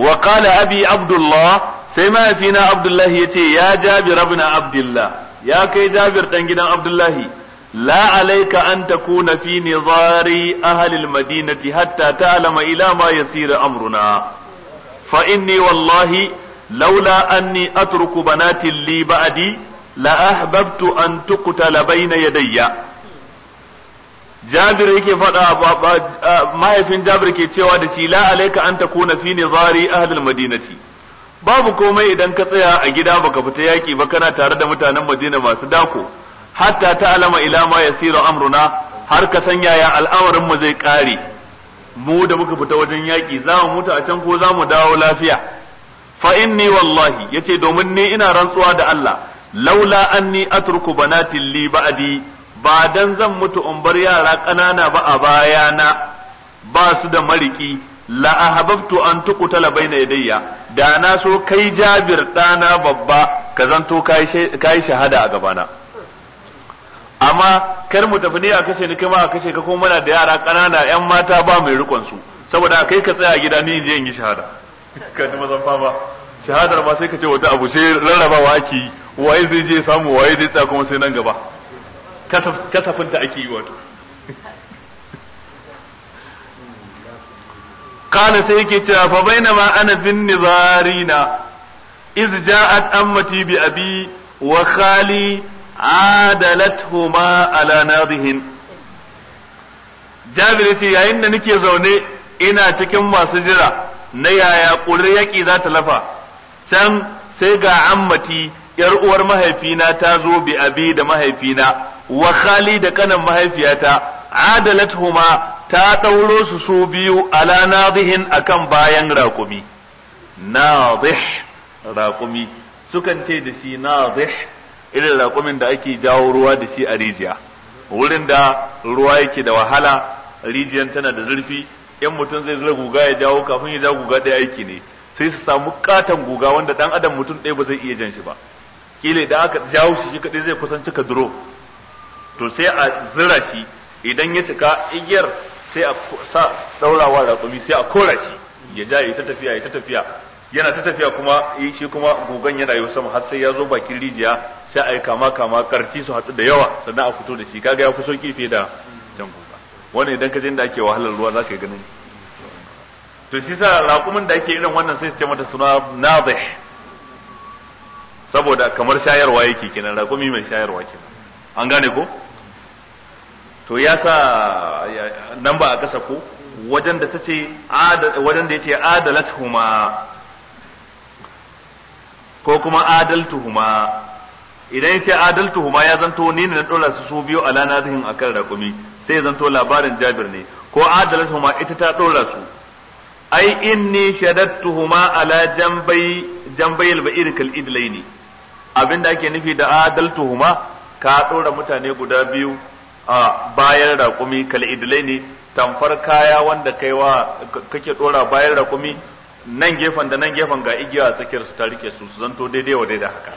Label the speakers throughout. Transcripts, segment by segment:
Speaker 1: wa abi abdullah sai mahaifina abdullahi yace ya jabir ibn abdullah ya kai jabir dan gidan abdullahi la alayka an takuna fi nizari ahli almadinati hatta ta'lama ila ma yasir amruna fa inni wallahi laula an anni atruku banati li ba'di la ahbabtu an na bayna yadayya jabir yake faɗa mahaifin jabir ke cewa da shi la alaika an kuna fi nizari ahalin madinati babu komai idan ka tsaya a gida baka fita yaki ba kana tare da mutanen madina masu dako hatta ta alama ila ma yasiru amruna har ka sanya yaya al'amarin mu zai kare mu da muka fita wajen yaki za mu mutu a can ko za mu dawo lafiya fa inni wallahi yace domin ni ina rantsuwa da Allah laula anni atruku banati li ba'di ba dan zan mutu in bar yara ƙanana ba a bayana ba su da mariki la ahabbtu an tuqtala baina yadayya da na so kai Jabir dana babba ka zanto kai shahada a gabana amma kar mu tafi ne a kashe ni kuma a kashe ka ko muna da yara ƙanana yan mata ba mai rikon su saboda kai ka tsaya gida ni in je in yi shahada ka ji mazan fama shahadar ma sai ka ce wata abu sai rarrabawa ake yi waye zai je samu waye zai tsaya kuma sai nan gaba Kasafinta da ake yi wato Kana sai yake cewa fa ma'ana ana bin nizarina iz ja'at ammati bi abi wa khali adalathuma ala nadihin Jabir yace yayin da nake zaune ina cikin masu jira na yaya ƙurir yaƙi za ta lafa can sai ga ammati yar uwar mahaifina ta zo bi abi da mahaifina wa khali da kanan mahaifiyata huma ta ɗauro su su biyu ala nadihin akan bayan raƙumi nadih raƙumi sukan ce da shi nadih irin raƙumin da ake jawo ruwa da shi a rijiya wurin da ruwa yake da wahala rijiyan tana da zurfi Yan mutum zai zura guga ya jawo kafin ya jawo guga ɗaya aiki ne sai su samu katon guga wanda ɗan adam mutum ɗaya ba zai iya jan shi ba kila da aka jawo shi shi kaɗai zai kusan cika duro to sai a zira shi idan ya cika igiyar sai a sa daurawa raƙumi sai a kora shi ya ja ya ta tafiya ya ta tafiya yana ta tafiya kuma eh, shi kuma gogon yana yau sama har sai ya zo bakin rijiya sai a yi kama kama karci su hatsu da yawa sannan a fito da shi kaga ya fi kifi da can goga wannan idan ka je inda ake wahalar ruwa za ka yi ganin to shi sa raƙumin da ake irin wannan sai su ce mata suna nazih saboda kamar shayarwa yake kenan raƙumi mai shayarwa kenan an gane ko to ya sa nan ba a kasa ko wajen da ce wajen da yace ko kuma adaltuhuma idan ya yace adaltuhuma ya zanto ni ne na dora su su biyu ala a kan rakumi sai ya zanto labarin Jabir ne ko adaltuhuma ita ta dora su ai inni shadattuhuma ala jambai jambai al-ba'ir kal idlaini abinda ake nufi da adaltuhuma ka dora mutane guda biyu a bayan raƙumi kal idlai ne tamfar kaya wanda kaiwa kake dora bayan raƙumi nan gefen da nan gefen ga igiya a tsakiyar su ta rike su su zanto daidai wa daidai haka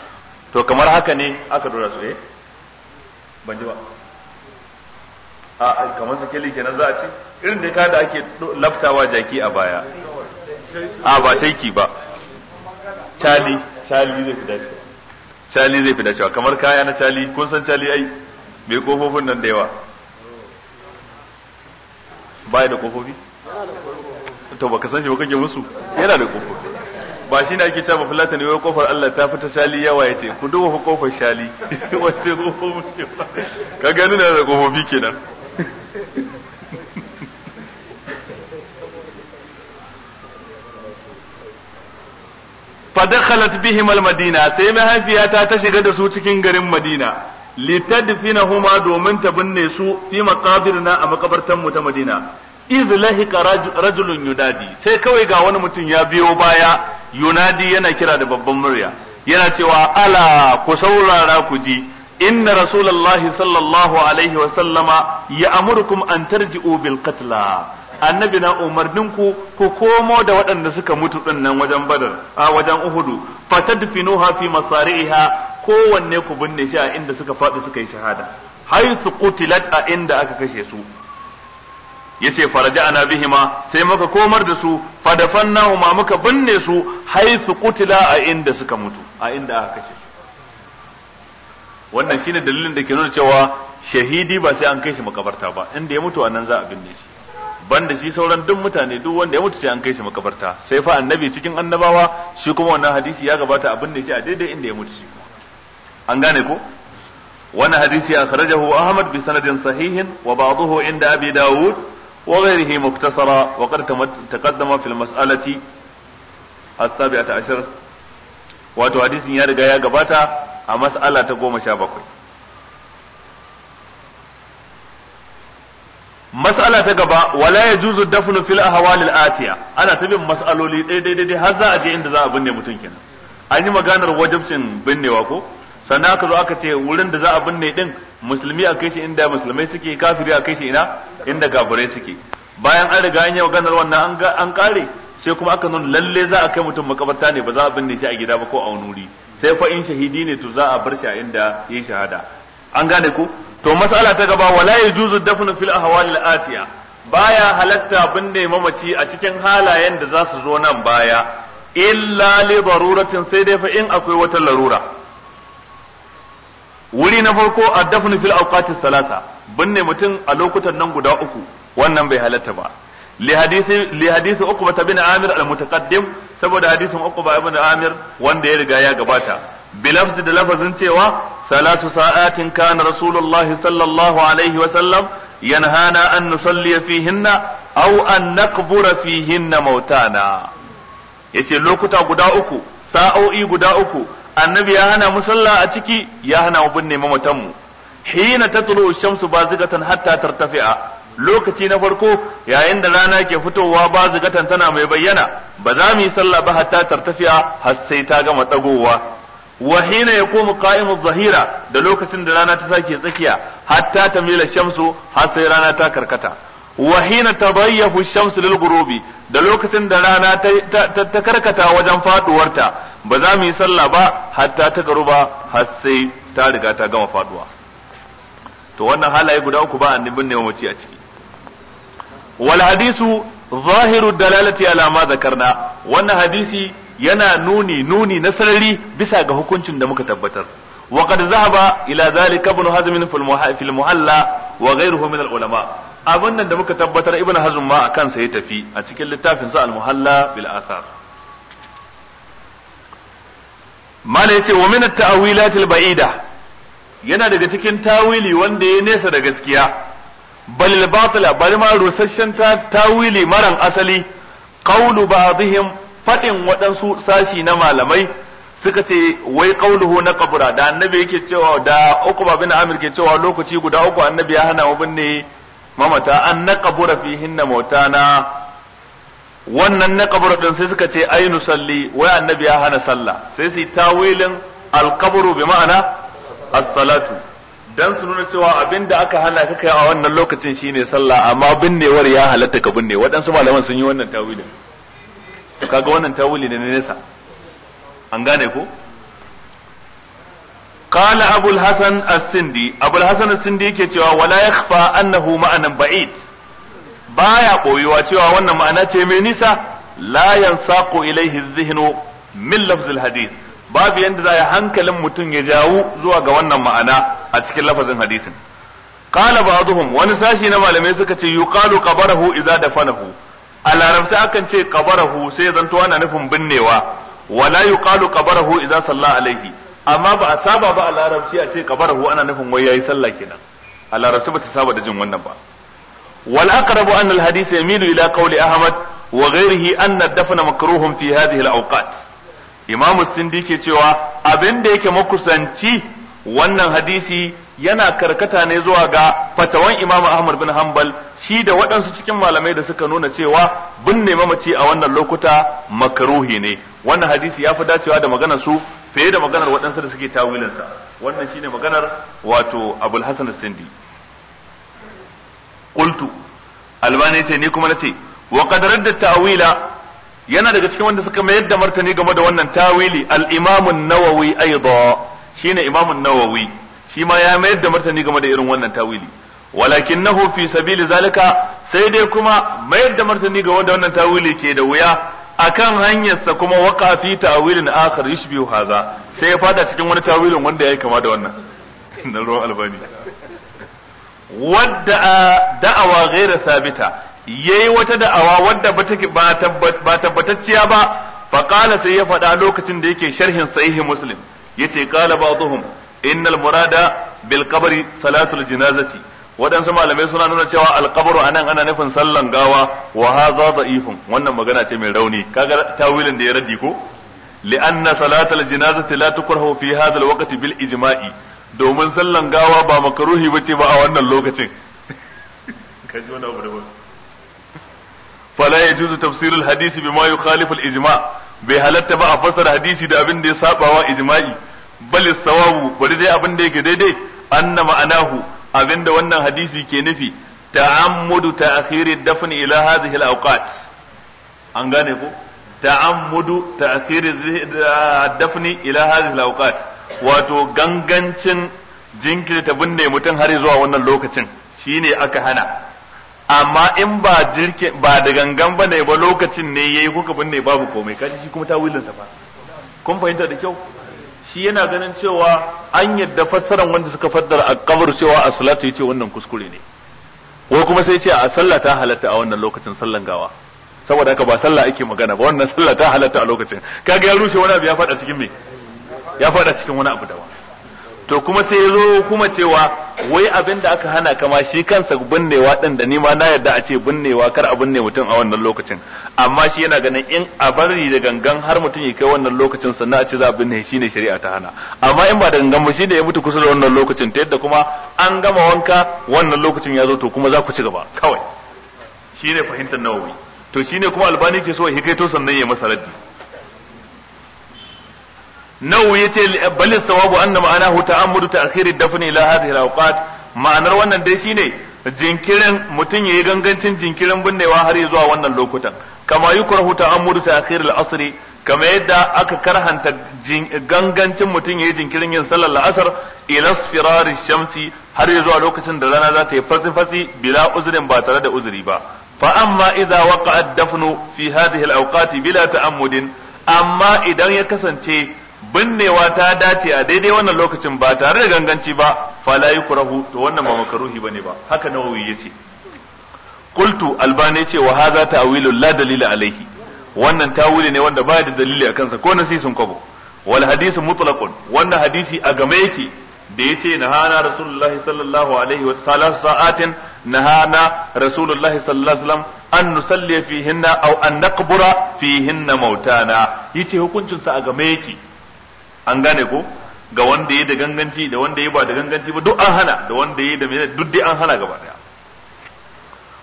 Speaker 1: to kamar haka ne aka dora su eh ban ji ba a kamar sikeli kenan za a ci. irin da ka da ake laftawa jaki a baya a ba taiki ba cali cali zai fi dacewa cali zai fi dacewa kamar kaya na cali kun san cali ai mai kofofin nan da yawa yi da kofofi to ba san shi ba kake musu yana da kofofi ba shi ne ake cewa ba fulata ne wai kofar Allah ta fita shali yawa ya ce, ku duba fa kofar shali wacce kofofi ka gani na da kofofi kenan fadakhalat bihim Madina sai mahaifiyata ta shiga da su cikin garin madina huma domin ta binne su fi maqabirna a makabartan mu ta Madina iz lahiqa rajulun yunadi sai kawai ga wani mutum ya biyo baya yunadi yana kira da babban murya yana cewa ala ku saurara ku ji inna rasulullahi sallallahu alaihi wa sallama ya amurkum an tarji'u bil qatla annabi na umarninku ku komo da waɗanda suka mutu ɗin nan wajen badar a wajen uhudu fatadfinuha fi masari'iha kowanne ku binne shi a inda suka faɗi suka yi shahada haisu qutilat a inda aka kashe su yace ana bihima sai muka komar da su fadafannahu ma muka binne su haisu qutila a inda suka mutu a inda aka kashe su wannan shine dalilin da ke nuna cewa shahidi ba sai an kai shi makabarta ba inda ya mutu a nan za a binne shi banda shi sauran duk mutane duk wanda ya mutu sai an kai shi makabarta sai fa annabi cikin annabawa shi kuma wannan hadisi ya gabata a binne shi a daidai inda ya mutu shi an gane ko Wani hadisi akhrajahu ahmad bi sanadin sahihin wa ba'dahu inda abi daud wa ghayrihi muktasara wa qad taqaddama fil mas'alati as-sabi'ata ashar wato hadisin ya riga ya gabata a mas'ala ta goma sha bakwai mas'ala ta gaba wala yajuzu dafnu fil ahwalil atiya ana ta bin mas'aloli daidai daidai har za a je inda za a binne mutum kenan an yi maganar wajibcin binnewa ko sannan aka zo aka ce wurin da za a binne din musulmi a kai shi inda musulmai suke kafiri a kai shi ina inda kafirai suke bayan an riga an yi maganar wannan an kare sai kuma aka nuna lalle za a kai mutum makabarta ne ba za a binne shi a gida ba ko a wani sai fa in shahidi ne to za a bar shi a inda yayi shahada an gane ku. to mas'ala ta gaba wala yajuzu dafnu fil ahwal al atiya baya halatta binne mamaci a cikin halayen da za su zo nan baya illa li daruratin sai dai fa in akwai wata larura wuri na farko addafnu fil awqatis salasa binne mutum a lokutan nan guda uku wannan bai halatta ba li hadisi li hadisi uqba bin amir al mutaqaddim saboda hadisin uqba ibn amir wanda ya riga ya gabata bilafzi da lafazin cewa salatu sa'atin kana rasulullah sallallahu alaihi wa sallam yanhana an nusalli fihinna aw an naqbura fihinna mautana yace lokuta guda uku sa'o'i guda uku annabi ya hana mu sallah a ciki ya hana mu binne mamatan mu hina tatlu shamsu bazigatan hatta tartafi'a lokaci na farko yayin da rana ke fitowa bazigatan tana mai bayyana ba za mu yi sallah ba hatta tartafi'a har sai ta gama dagowa wa hina yaqumu qa'imu zahira da lokacin da rana ta sake tsakiya hatta tamila shamsu har sai rana ta karkata wa hina tabayyahu shamsu lil da lokacin da rana ta karkata wajen faduwarta ba za mu yi sallah ba hatta ta garu ba har sai ta riga ta gama faduwa to wannan halaye guda uku ba annabin ne mamaci a ciki wal hadisu zahiru dalalati ala ma zakarna wannan hadisi yana nuni nuni na sarari bisa ga hukuncin da muka tabbatar wa qad zahaba ila zalika ibn hazm fil muhalla wa ghayruhu min al ulama abin nan da muka tabbatar ibn hazm ma akan sa ya tafi a cikin littafin sa al muhalla bil asar mala yace wa min at-ta'wilat al-ba'ida yana daga cikin tawili wanda ya nesa da gaskiya bal batila bal ma rusasshen tawili maran asali qawlu ba'dihim fadin waɗansu sashi na malamai suka ce wai qawluhu na kabura da annabi yake cewa da uku babin amir ke cewa lokaci guda uku annabi ya hana mu binne mamata an naqabura fihinna mautana wannan na kabar ɗin sai suka ce ai nusalli wai annabi ya hana sallah sai su tawilin alkaburu bi ma'ana as-salatu dan su nuna cewa abinda aka hana ka kai a wannan lokacin shine sallah amma binnewar ya halatta ka binne waɗansu malaman sun yi wannan tawilin to kaga wannan tawili ne na nesa an gane ko as-Sindi. abul hasan as-sindi yake cewa wala yakhfa annahu ma'anan ba'id? baya koyuwa cewa wannan ma'ana ce mai nisa la yansaqu ilaihi dhihnu min lafzil hadith babu yanda za ya hankalin mutum ya jawo zuwa ga wannan ma'ana a cikin lafazin hadisin qala ba'dhum wani sashi na malamai suka ce yuqalu qabarahu idza dafanahu a larabci akan ce qabarahu sai zanto ana nufin binnewa wala yuqalu qabarahu idza salla alaihi amma ba a saba ba a larabci a ce qabarahu ana nufin wai yayi sallah kenan a larabci ba saba da jin wannan ba wal aqrabu anna al hadith yamilu ila qawli ahmad wa ghayrihi anna ad-dafn makruhun fi hadhihi al awqat imam sindi ke cewa abin da yake makusanci wannan hadisi yana karkata ne zuwa ga fatawan imam ahmad bin hanbal shi da waɗansu cikin malamai da suka nuna cewa binne mamaci a wannan lokuta makaruhi ne wannan hadisi ya fi dacewa da maganar su fiye da maganar waɗansu da suke tawilinsa wannan shine maganar wato abul hasan sindi qultu albani ce ni kuma nace wa qad radda ta'wila yana daga cikin wanda suka mayar da martani game da wannan tawili al-imam an-nawawi aidha shine imam an-nawawi shi ma ya mayar da martani game da irin wannan tawili walakinahu fi sabili zalika sai dai kuma mayar da martani game da wannan tawili ke da wuya akan hanyarsa kuma waka fi ta'wilin akhar yushbihu hadha sai ya fada cikin wani tawilin wanda yake kama da wannan na ruwan albani wadda da'awa gaira sabita yayi wata da'awa wadda ba tabbatacciya ba fa kala sai ya faɗa lokacin da yake sharhin sahihi muslim yace kala ba'dhum innal murada bil qabri salatul janazati waɗansu malamai suna nuna cewa alkabaru a nan ana nufin sallan gawa wa haza da'ifun wannan magana ce mai rauni kaga tawilin da ya raddi ko li'anna salatal jinazati la tukrahu fi hadha alwaqti bil ijma'i domin sallan gawa ba makaruhi ce ba a wannan lokacin kaji wani abu fala tafsirul hadisi bi ma yukhaliful ijma bai halatta ba a fassara hadisi da abin da ya sabawa ijma'i bal sawabu bari dai abin da yake daidai anna ma'anahu abinda wannan hadisi ke nufi ta'ammudu ta'khiri dafn ila hadhihi al-awqat an gane ko ta'ammudu ta'khiri dafni ila hadhihi al-awqat wato gangancin jinkirta binne mutum har zuwa wannan lokacin shine aka hana amma in ba jirke ba da gangan ba ne ba lokacin ne yayi kuka binne babu komai kaji shi kuma tawilin sa fa kun fahimta da kyau shi yana ganin cewa an yadda fassaran wanda suka faddara a kabar cewa a salatu yace wannan kuskure ne ko kuma sai ce a sallah ta halatta a wannan lokacin sallan gawa saboda haka ba sallah ake magana ba wannan sallah ta halatta a lokacin kaga ya rushe wani abu ya fada cikin me ya faɗa cikin wani abu daban to kuma sai ya zo kuma cewa wai abin da aka hana kama shi kansa binnewa ɗin da nima na yarda a ce binnewa kar a binne mutum a wannan lokacin amma shi yana ganin in a bari da gangan har mutum ya kai wannan lokacin sannan a ce za a binne shi ne shari'a ta hana amma in ba da gangan ba shi ne ya mutu kusa da wannan lokacin ta yadda kuma an gama wanka wannan lokacin ya zo to kuma za ku ci gaba kawai shi ne fahimtar nawawi to shi ne kuma albani ke so ya hikaito sannan ya masa raddi nawu yace bal sawabu anna ma'anahu ta'ammudu ta'khir ad-dafn ila hadhihi al-awqat ma'anar wannan dai shine jinkirin mutum yayi gangancin jinkirin binnewa har zuwa wannan lokutan kama yukrahu ta'ammudu ta al asri kama yadda aka karhanta gangancin mutum yayi jinkirin yin sallar la'asar ila firar shamsi har zuwa lokacin da rana za ta yi fasi fasi bila uzrin ba tare da uzuri ba fa amma idza waqa'a ad-dafnu fi hadhihi al-awqat bila ta'ammudin amma idan ya kasance binnewa ta dace a daidai wannan lokacin ba tare da ganganci ba fala yukrahu to wannan ba makaruhi bane ba haka nawawi yace qultu albani yace wa hadha ta'wilul la dalila alaihi wannan tawili ne wanda baya da dalili akan sa ko nasisun kwabo wal hadisu mutlaqun wannan hadisi a game yake da yace nahana rasulullahi sallallahu alaihi wa sallam sa'atin nahana rasulullahi sallallahu alaihi wasallam an nusalli fihinna aw an naqbura fihinna mautana yace hukuncin sa a game yake an gane ko ga wanda ya da ganganci da wanda ya ba da ganganci ba duk an hana da wanda ya da mai duk dai an hana gaba daya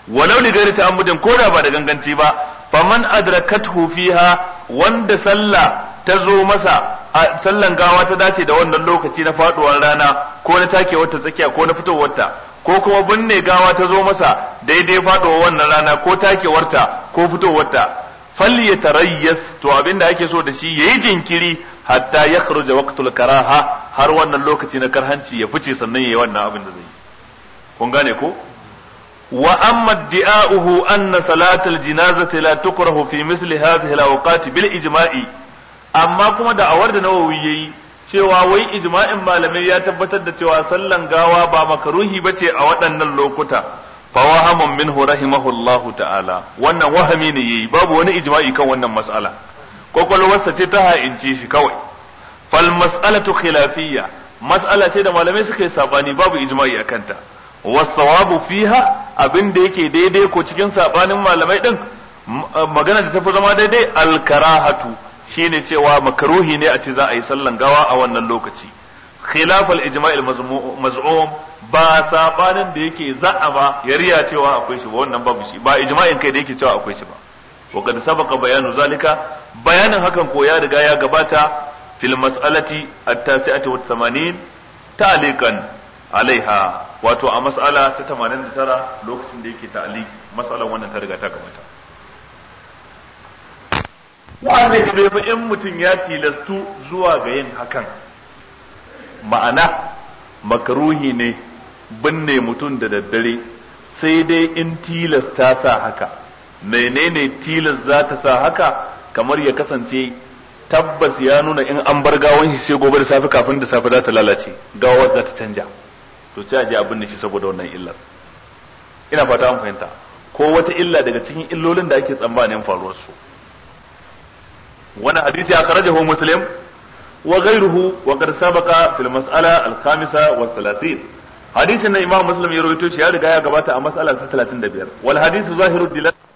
Speaker 1: walau li gairi ta'ammudin ko da ba da ganganci ba faman adrakathu fiha wanda sallah ta zo masa a sallan gawa ta dace da wannan lokaci na faduwar rana ko na takewar ta tsakiya ko na fitowar ta ko kuma binne gawa ta zo masa daidai faduwar wannan rana ko takewar ta ko fitowar ta falli ya tarayyas to abinda ake so da shi yayi jinkiri hatta yakhruja waqtul karaha har wannan lokaci na karhanci ya fice sannan yayi wannan abin da zai yi kun gane ko wa amma di'a'uhu anna salatul janazati la tukrahu fi misli hadhihi al-awqat bil ijma'i amma kuma da awar da nawawi yayi cewa wai ijma'in malamai ya tabbatar da cewa sallan gawa ba makaruhi bace a waɗannan lokuta fa wahamun minhu rahimahullahu ta'ala wannan wahami ne yayi babu wani ijma'i kan wannan mas'ala kwakwalwarsa ce ta ha'inci shi kawai fal mas'alatu khilafiyya mas'ala ce da malamai suka yi sabani babu ijma'i a kanta wasawabu fiha abin da yake daidai ko cikin sabanin malamai din magana da tafi zama daidai al-kara alkarahatu shine cewa makruhi ne a ce za a yi sallan gawa a wannan lokaci khilaf al maz'um ba sabanin da yake za'aba yariya cewa akwai shi ba wannan babu shi ba ijma'in kai da yake cewa akwai shi ba wa qad sabaqa bayanu zalika bayanin hakan ko ya riga ya gabata fil mas'alati at-tasi'ati wa 80 ta'liqan alaiha wato a mas'ala ta 89 lokacin da yake ta'liq mas'alan wannan ta riga ta gabata wanda da bai in mutum ya tilastu zuwa ga yin hakan ma'ana makaruhi ne binne mutum da daddare sai dai in tilasta sa haka menene tilas za ta sa haka kamar ya kasance tabbas ya nuna in an bar gawan shi sai gobe da safe kafin da safe za ta lalace gawar za ta canja to sai a je abin da shi saboda wannan illar ina fata an fahimta ko wata illa daga cikin illolin da ake tsammanin faruwar su Wani hadisi a ho muslim wa ghayruhu wa qad sabaqa fil mas'ala al khamisa wa hadisin na imam muslim ya rawaito ya riga ya gabata a mas'ala ta 35 wal hadisu zahiru dilal